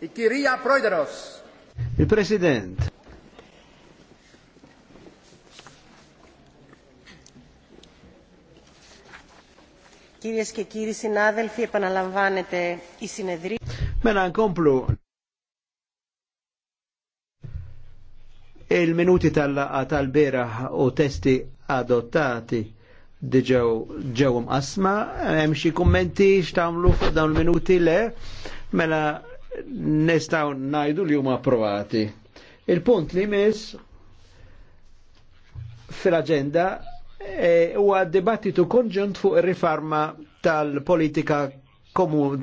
Ikirija Proideros. Il-President. Κυρίες και κύριοι συνάδελφοι, επαναλαμβάνεται η συνεδρία. Με έναν κόμπλο. Il-minuti tal-bera u testi adottati diġew ġew mqasma, hemm xi kummenti x'tagħmlu fuq dawn minuti le, mela nistgħu ngħidu li huma approvati. Il-punt li miss fil-aġenda eh, huwa dibattitu konġunt fuq ir-rifarma tal-politika komuni